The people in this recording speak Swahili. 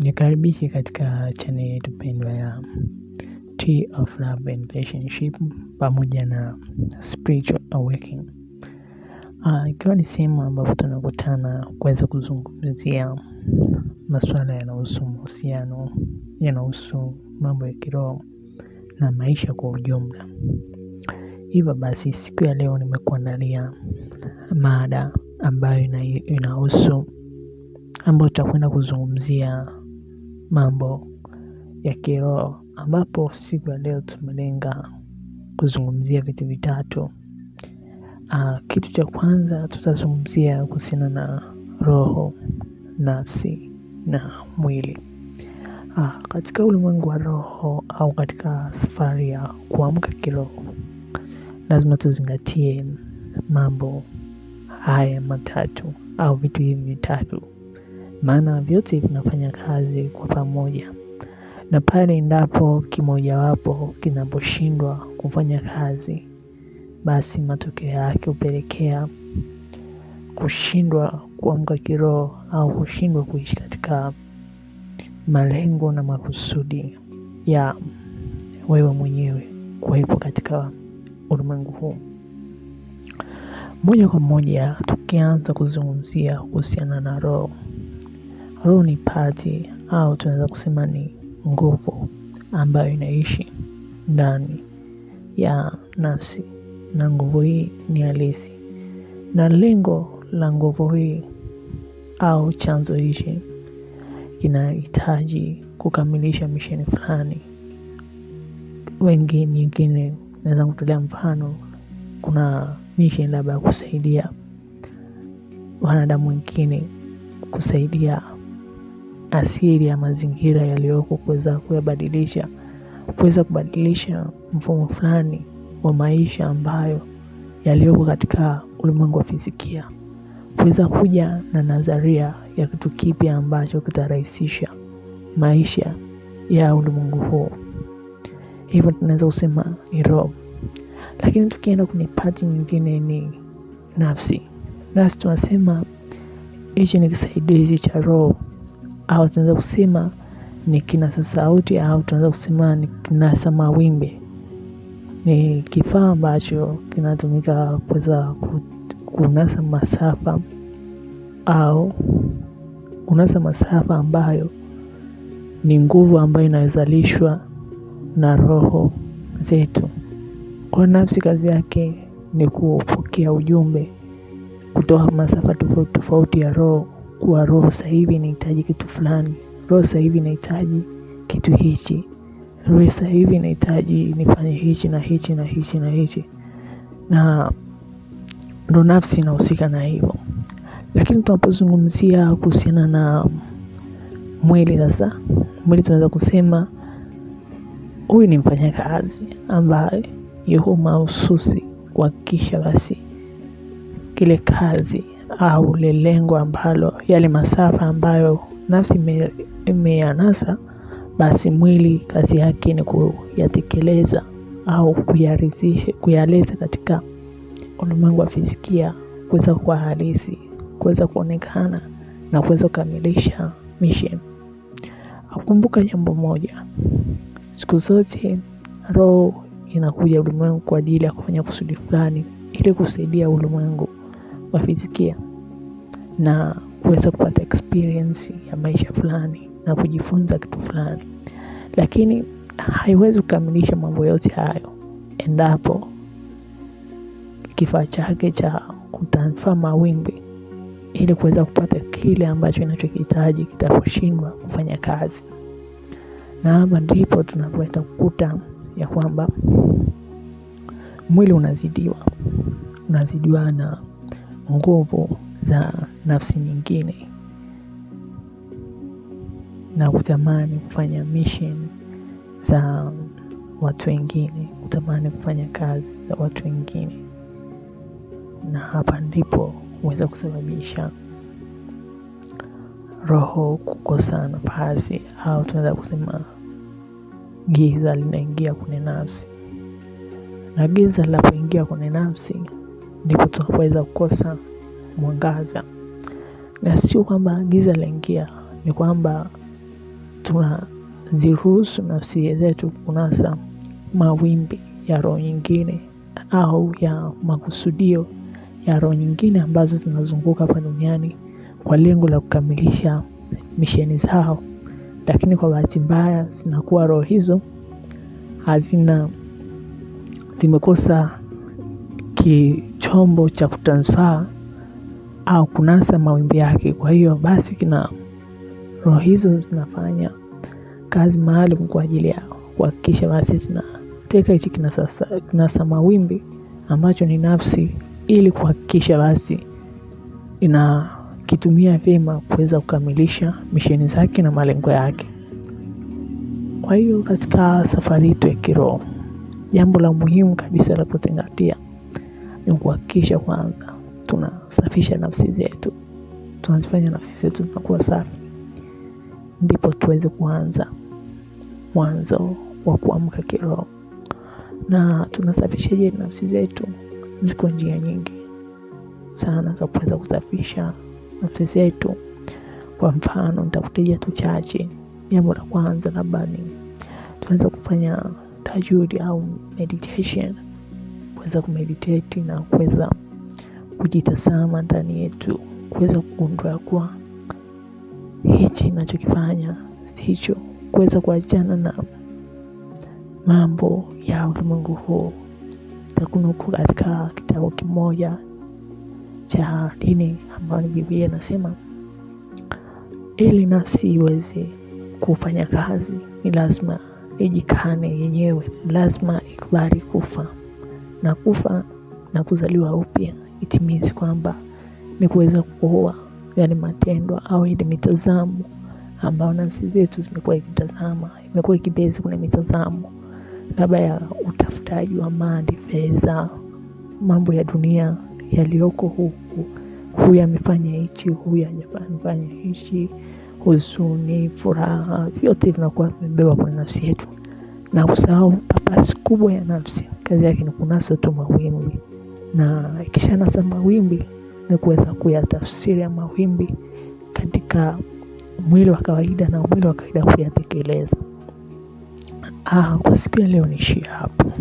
Nikaribishe katika chane yetu pendwa ya Tea of Love and Relationship pamoja na Spiritual Awakening. Ah, ikiwa ni sehemu ambapo tunakutana kuweza kuzungumzia masuala yanahusu mahusiano, yanahusu mambo ya kiroho na maisha kwa ujumla. Hivyo basi siku ya leo nimekuandalia mada ambayo inahusu ambayo tutakwenda kuzungumzia mambo ya kiroho ambapo siku ya leo tumelenga kuzungumzia vitu vitatu. Uh, kitu cha kwanza tutazungumzia kuhusiana na roho, nafsi na mwili. Uh, katika ulimwengu wa roho au katika safari ya kuamka kiroho, lazima tuzingatie mambo haya matatu au vitu hivi vitatu maana vyote vinafanya kazi kwa pamoja, na pale endapo kimojawapo kinaposhindwa kufanya kazi, basi matokeo yake hupelekea kushindwa kuamka kiroho au kushindwa kuishi katika malengo na makusudi ya wewe mwenyewe kuwepo katika ulimwengu huu. Moja kwa moja, tukianza kuzungumzia kuhusiana na roho au ni pati au tunaweza kusema ni nguvu ambayo inaishi ndani ya nafsi, na nguvu hii ni halisi, na lengo la nguvu hii au chanzo hichi kinahitaji kukamilisha misheni fulani. Wengi nyingine, naweza kutolea mfano, kuna misheni labda ya kusaidia wanadamu wengine, kusaidia asili ya mazingira yaliyoko kuweza kuyabadilisha, kuweza kubadilisha mfumo fulani wa maisha ambayo yaliyoko katika ulimwengu wa fizikia, kuweza kuja na nadharia ya kitu kipya ambacho kitarahisisha maisha ya ulimwengu huu. Hivyo tunaweza kusema ni roho, lakini tukienda kwenye pati nyingine ni nafsi. Nafsi tunasema hichi ni kisaidizi cha roho au tunaweza kusema ni kinasa sauti au tunaweza kusema ni kinasa mawimbi. Ni kifaa ambacho kinatumika kuweza kunasa masafa au kunasa masafa ambayo ni nguvu ambayo inayozalishwa na roho zetu. Kwa nafsi, kazi yake ni kupokea ujumbe kutoka masafa tofauti tofauti ya roho kuwa roho sasa hivi inahitaji kitu fulani, roho sasa hivi inahitaji kitu hichi, roho sasa hivi inahitaji nifanye hichi na hichi na hichi na hichi, na ndo nafsi inahusika na hivyo. Lakini tunapozungumzia kuhusiana na mwili, sasa mwili tunaweza kusema huyu ni mfanyakazi ambaye yuko mahususi kuhakikisha basi kile kazi au lelengo ambalo yale masafa ambayo nafsi imeyanasa basi mwili kazi yake ni kuyatekeleza au kuyaleza katika ulimwengu wa fizikia kuweza kuwa halisi kuweza kuonekana na kuweza kukamilisha mission akumbuka jambo moja siku zote roho inakuja ulimwengu kwa ajili ya kufanya kusudi fulani ili kusaidia ulimwengu wa fizikia na kuweza kupata experience ya maisha fulani na kujifunza kitu fulani, lakini haiwezi kukamilisha mambo yote hayo endapo kifaa chake cha kutafaa mawimbi ili kuweza kupata kile ambacho inachokihitaji kitakushindwa kufanya kazi. Na hapa ndipo tunapoenda kukuta ya kwamba mwili unazidiwa, unazidiwa na nguvu za nafsi nyingine na kutamani kufanya mission za watu wengine, kutamani kufanya kazi za watu wengine, na hapa ndipo huweza kusababisha roho kukosa nafasi, au tunaweza kusema giza linaingia kwenye nafsi, na giza linapoingia kwenye nafsi ndipo tunapoweza kukosa mwangaza, na sio kwamba giza laingia, ni kwamba tunaziruhusu nafsi zetu kunasa mawimbi ya roho nyingine au ya makusudio ya roho nyingine ambazo zinazunguka hapa duniani kwa lengo la kukamilisha misheni zao, lakini kwa bahati mbaya zinakuwa roho hizo hazina zimekosa ki, chombo cha kutransfer au kunasa mawimbi yake. Kwa hiyo basi kina roho hizo zinafanya kazi maalum kwa ajili ya kuhakikisha basi zinateka hichi kinasa, kinasa mawimbi ambacho ni nafsi, ili kuhakikisha basi inakitumia vyema kuweza kukamilisha misheni zake na malengo yake. Kwa hiyo katika safari yetu ya kiroho, jambo la muhimu kabisa la kuzingatia ni kuhakikisha kwanza tunasafisha nafsi zetu, tunazifanya nafsi zetu zinakuwa safi, ndipo tuweze kuanza mwanzo wa kuamka kiroho. Na tunasafishaje nafsi zetu? Ziko njia nyingi sana za kuweza kusafisha nafsi zetu. Kwa mfano, nitakutajia tu chache. Jambo la kwanza labda ni tunaweza kufanya tajudi au meditation kuweza kumeditate na kuweza kujitazama ndani yetu, kuweza kugundua kuwa hichi si sicho, kuweza kuachana na mambo ya ulimwengu huu. Takunuku katika kitabu kimoja cha dini ambayo ni Biblia inasema, ili nafsi iweze kufanya kazi ni lazima ijikane yenyewe, lazima ikubali kufa na kufa na kuzaliwa upya itimizi kwamba ni kuweza kuoa yani matendo au ile mitazamo ambayo nafsi zetu zimekuwa ikitazama, imekuwa ikibezi. Kuna mitazamo labda ya utafutaji wa mali, fedha, mambo ya dunia yaliyoko huku, huyu amefanya hichi, huyu amefanya hichi, huzuni, furaha, vyote vinakuwa vimebewa kwenye nafsi yetu na usahau papasi kubwa ya nafsi. Kazi yake ni kunasa tu mawimbi, na ikishanasa mawimbi ni kuweza kuyatafsiri ya mawimbi katika mwili wa kawaida na mwili wa kawaida kuyatekeleza. Ah, kwa siku ya leo niishie hapo.